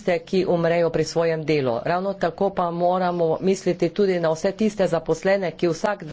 tiste, ki umrejo pri svojem delu. Ravno tako pa moramo misliti tudi na vse tiste zaposlene, ki vsak dan.